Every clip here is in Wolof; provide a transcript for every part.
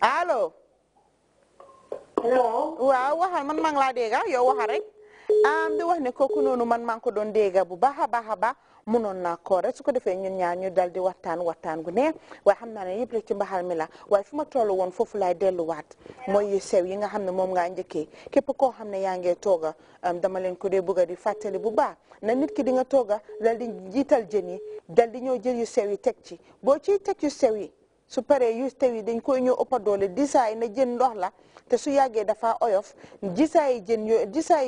allo. allo. waaw waxal man maa ngi laa dégg ah, yow waxal rek. am wax ne kooku noonu man maa ngi ko doon dégg bu baax a baax a baax munoon naa ko rek su ko defee ñun ñaar ñu dal di waxtaan waxtaan gu ne waaye xam naa ne yëpp rek ci mbaxal mi la waaye fu ma tollu woon foofu laay delluwaat mooy yu sew yi nga xam ne moom ngaa njëkkee képp koo xam ne yaa ngee tooga dama leen ko dee bëgg di fàttali bu baax na nit ki di nga tooga dal di jiital jën yi dal di ñëw jël yu sew yi teg ci boo ciy teg sew yi su paree yu tew yi dañ koy ñëw ëppa doole disaay na jën ndox la te su yàggee dafa oyof disaay jën yo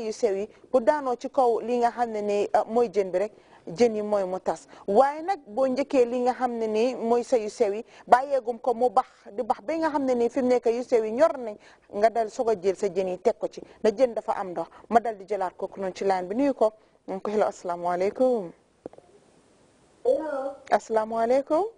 yu sew yi bu daanoo ci kaw li nga xam ne ni euh, mooy jën bi rek jën yi mooy mu tas waaye nag boo njëkkee li nga xam ne nii mooy sa yu sew yi bàyyeegum ko mu bax di bax ba nga xam ne ni fi mu nekk yu sew yi ñor nañ nga dal soog a jël sa jën yi teg ko ci na jën dafa am ndox ma dal di jëlaat kooku noonu ci laan bi nuyu ko. ko hello asalaamaaleykum. asalaamaaleykum.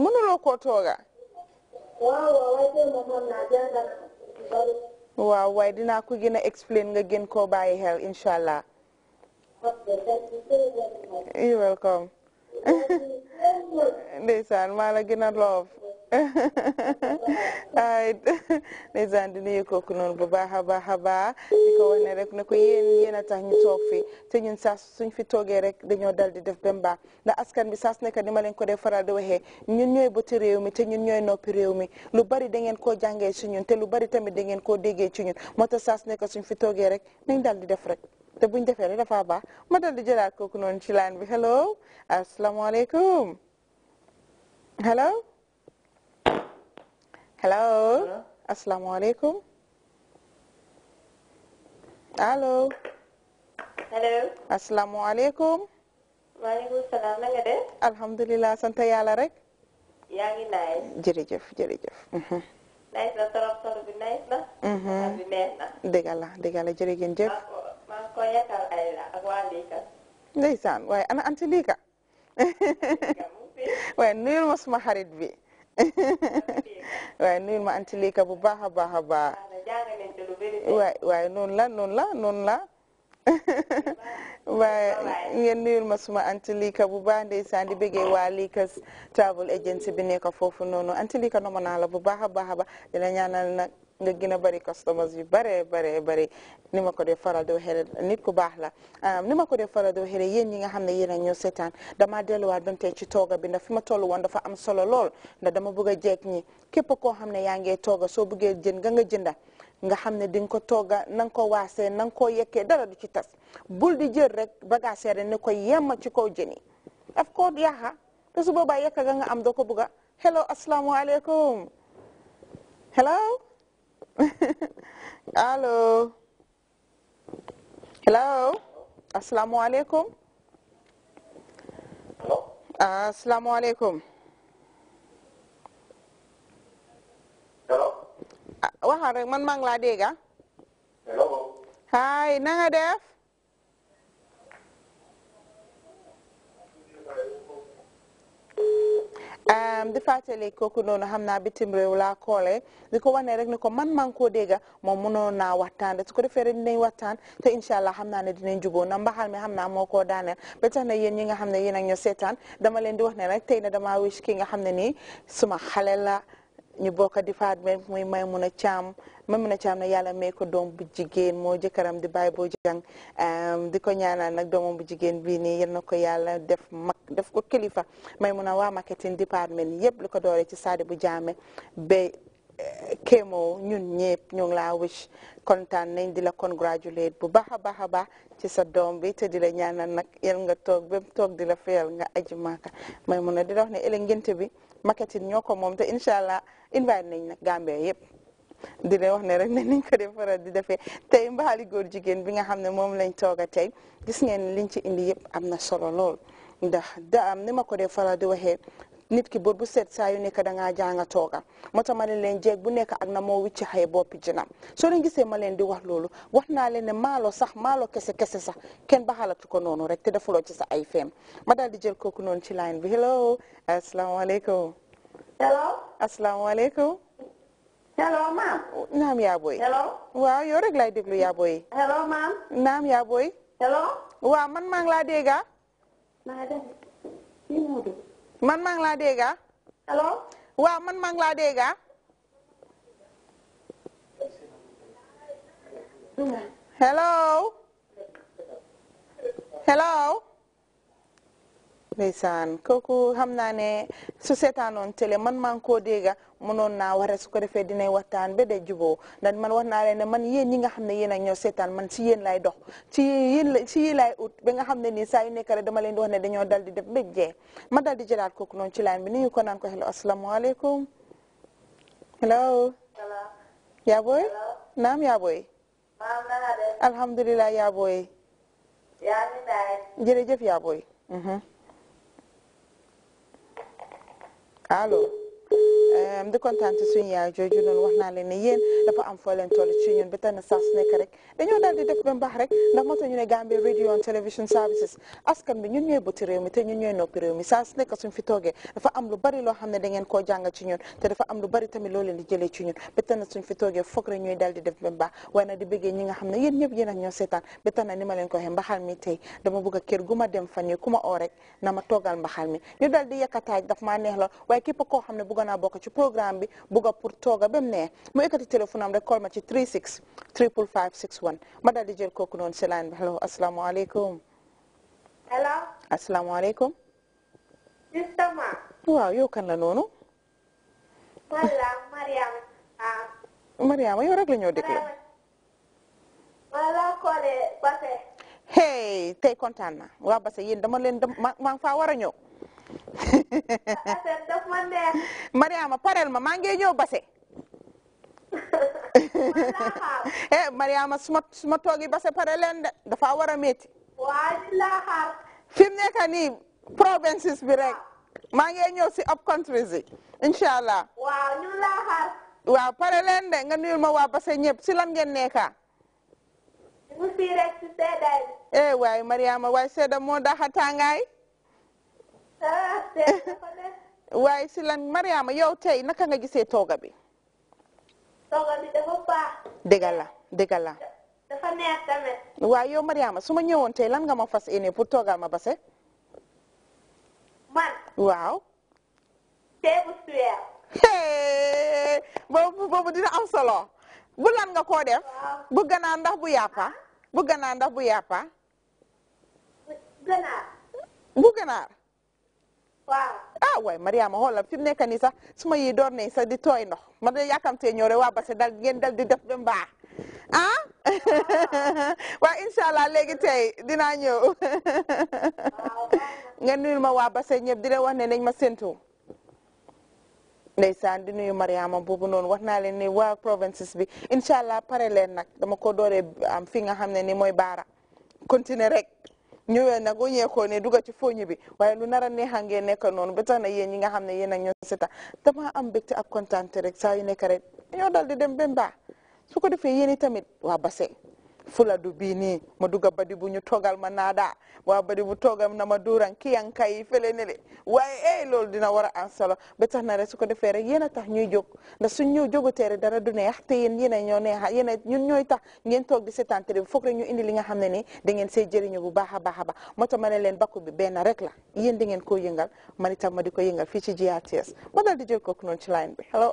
loo koo tooga waaw waaye dinaa ko gën a explain nga gën koo bàyyi xel inshallah you're welcome ndeysaan maa la gën a love ay ndeysaan di nuyu kooku noonu bu baax a baax a baax ko wax rek na ko yéen yéen a tax toog fi te ñun saa suñ fi toogee rek dañoo dal di def benn baax askan bi saa su nekk ni ma leen ko def faral di waxee ñun ñooy bëti réew mi te ñun ñooy noppi réew mi lu bari da ngeen koo jàngee ci ñun te lu bari tamit da ngeen koo déggee ci ñun moo tax saa su fi toogee rek nañ dal di def rek te buñ defee rek dafa baax ma dal di jëlaat kooku noonu ci bi hello asalaamaaleykum hello Hello. Halo. Assalamualaikum. Halo. Halo. Assalamualaikum. Waalaikumsalam. Nangade? Alhamdulillah. Sant yàlla ya, rek. yaa ngi nice. jërëjëf jërëjëf. Mhm. nice na trop solo nice mhm. ya, na. bi neex na. dëgg la dëgg la jërë ngeen jëf. maa ngi ko yàkkal ay la ak waa Lika. ndeysaan waaye ana anti Lika. waaye nuyul ma suma xarit bi. waaye nuyul ma anti lika bu baax a baax a baax waay waaye noonu la noonu la noonu la waaye ngeen nuyul ma suma anti lika bu baax ndeysaan di bëggee waa likas travel agency bi nekk foofu noonu antilika lika la bu baax a baax a baax nga gën a bari customers yu bare bare bari ni ma ko dee faral di waxee nit ku baax la ni ma ko dee faral di waxee yéen ñi nga xam ne yéen a ñoo seetaan damaa delluwaat ba tey ci tooga bi ndax fi ma toll woon dafa am solo lool ndax dama bëgg a jeeg ñi képp koo xam ne yaa ngee tooga soo bëggee jën ganga nga jënda nga xam ne di nga ko tooga na nga ko waasee na nga ko yekkee dara du ci tas bul di jël rek bagageere ne ko yemma ci kaw jën yi daf koo yaaxa te su yekka nga am doo ko bëgga hello asalaamaaleykum hello Halo. Hello. assalamualaikum, Hello. assalamualaikum, Hello. Ah, Wa mang la Hello. Hi, nang def? di fàttali kooku noonu xam naa bitim réew la koole di ko wane rek ni ko man man ko dega dégga moom na naa waxtaan su ko defee rek dinañ waxtaan te inshallah allah xam naa ne dinañ juboo na mbaxal mi xam naa moo koo daaneel ba tax na yéen ñi nga xam ne yéen ak ñu seetaan dama leen di wax ne rek tey na dama wish ki nga xam ne nii suma xale la ñu bokk department muy Maymuna cham Maimouna Thiam na yàlla may ko doom bu jigéen moo jëkkëram di bàyyi boo jàng di ko ñaanal nag doomam bu jigéen bii nii yal na ko yàlla def mag def ko kilifa mu Maimouna waa marketing department yëpp li ko doore ci saadi bu jaame ba eh, kéemoo ñun ñëpp ñu ngi laa wish kontaan nañ di la congratulate bu baax a baax a baax ci sa doom bi te di la ñaanal nag yal nga toog ba toog di la fayal nga aji maaka Maimouna di la wax ne ëllëg ngénte bi marketing ñoo ko moom te incha allah invite nañ nag Gambia yëpp. di leen wax ne rek ne niñ ko dee faral di defee tey mbaali góor jigéen bi nga xam ne moom lañ tooga tey gis ngeen liñ ci indi yëpp am na solo lool ndax da am ni ma ko dee faral di waxee nit ki bët bu set saa yu nekk da ngaa tooga moo tax ma ne leen jeeg bu nekk ak na moo wicci xëy boppi jinam soo leen gisee ma leen di wax loolu wax naa leen ne maalo sax maalo kese kese sax kenn ba ko noonu rek te defuloo ci sa ay feem ma daal di jël kooku noonu ci line bi hello asalaamaaleykum. hello asalaamaaleykum. hello maam. naam yaa booy. hello. waaw yow rek laay déglu yaa booy. hello maam. naam yaa booy. hello. waaw man maa laa dégg. Ah. man maa ngi laa dégg. Ah. hello. waaw man maa laa dégg. Ah. hello. hello. ndeysaan kooku xam naa ne seetaan seetaanoon télé man maa ngi koo dégga mënoon naa wara su ko defee dinay waxtaan ba de juboo ndax man wax naa leen ne man yéen ñi nga xam ne yéen ak ñoo seetaan man si yéen lay dox ci yéen si yéen lay ut ba nga xam ne nii saa yu nekk rek dama leen di wax ne dañoo dal di def ba jee ma dal di jëlaat kooku noonu ci laan bi ni ñu ko naan ko hello asalaamaaleykum hello yaa booy naam yaa booy alhamdulilah yaa booy jërëjëf yaa booy mhm. allo di kontaan ci yaay jooju noonu ne yéen dafa am foo ci ñun ba na saa rek dañoo daal di def ba mbaax rek ndax moo tax ñu radio and television services askan ñun ñooy bëti te ñun ñooy noppi réew mi fi toogee dafa am lu bari loo xam ne da ngeen koo jàng ci ñun te dafa am lu bari tamit loo leen di ci ñun ba na suñ fi toogee foog rek ñooy daal def ba mbaax waaye nag di bëggee ñi nga na ni ma leen a na ma a ci programme bi bugga pour tooga ba mu neex mu ekkati téléphone am rek call ma ci 36 triple 5 61 ma daal di jël kooku noonu si line bi allo asalaamaaleykum. allo. asalaamaaleykum. sister ma. waaw yow kan noonu. man ah, la Mariama. ñoo déglu. voilà Kole Basse. hey tey kontaan na waa Basse yéen dama leen dem maa ngi faa war a ñëw. Mariama parel ma maa ngi ñëw base. eh Mariama suma ma su ma toogi base pare leen de dafa war a métti. fi mu provinces bi rek maa ngi ñëw si up countries yi incha allah. waaw pare de nga nuyul ma waa base ñëpp si lan ngeen nekka eh waay Mariama waay sedda moo daxa tàngaay waaye si lan Mariama yow tey naka nga gisee tooga bi. tooga bi dafa baax. dëgg la dëgg la. dafa neex tamit. yow Mariama su ma ñëwoon tey lan nga ma fas yéene pour toogal ma base. waaw. teebu suweer. boobu boobu am solo. bu lan nga koo def. bu ganaar ndax bu yàppa bu ganaar ndax bu yàppa. ganaar. bu ganaar. ah waay Mariama xoolal fi mu nekk nii sax su ma yi door ne sax di tooy ndox ma de yaakamtee ñoore waa Basse dal ngeen dal di def ba mbaa ah waaw incha allah léegi tey dinaa ñëw ngeen nuyul ma waa Basse ñëpp di leen wax ne nañ ma séntu ndeysaan di nuyu Mariama boobu noonu wax naa leen ni waa provinces bi incha allah pare leen nag dama ko dooree am fi nga xam ne ni mooy baara continuer rek ñu we nag uñeekoo ne duga ci foñu bi waaye lu nar a neexa ngeen nekk noonu ba na yéen ñi nga xam ne yéen ak ñoo seta dama am bégte ak kontaan rek saa yu nekk rek ñoo dal di dem ba mbaa su ko defee yéen i tamit waa Basse fuladu bini maduga badi bu togal manada wa badi bu togal na maduran kiyan kai felenele waye eh lol dina wara an solo be tax na su ko defé rek yena tax ñuy jog da suñ ñew jogu téré dara du neex té yeen yena ñoo neex yena ñun ñoy tax ngeen tok di sétan téré fokk rek ñu indi li nga xamné ni da ngeen sey jëriñu bu baaxa baaxa ba moto mané leen bakku bi ben rek la yeen da ngeen ko yëngal man ta ma di ko yëngal fi ci GRTS ma dal di jël ko non ci line bi hello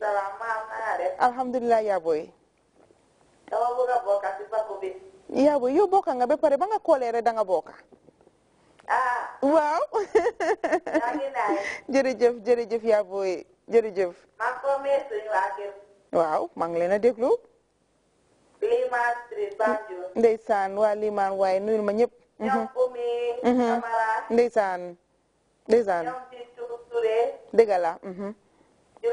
salaam maam naa alhamdulilah yaa booy. dama bëgg a bokk nga ba pare ba nga kooleere da nga bokk. ah. waaw. yaa ngi jërëjëf jërëjëf yaa booy jërëjëf. waaw maa ngi leen a déglu. Liman Street Banjul. waa Liman waaye nuyul ma ñëpp. ñoom Bumi. Kamara. ndeysaan ndeysaan. ñoom mhm. Bintu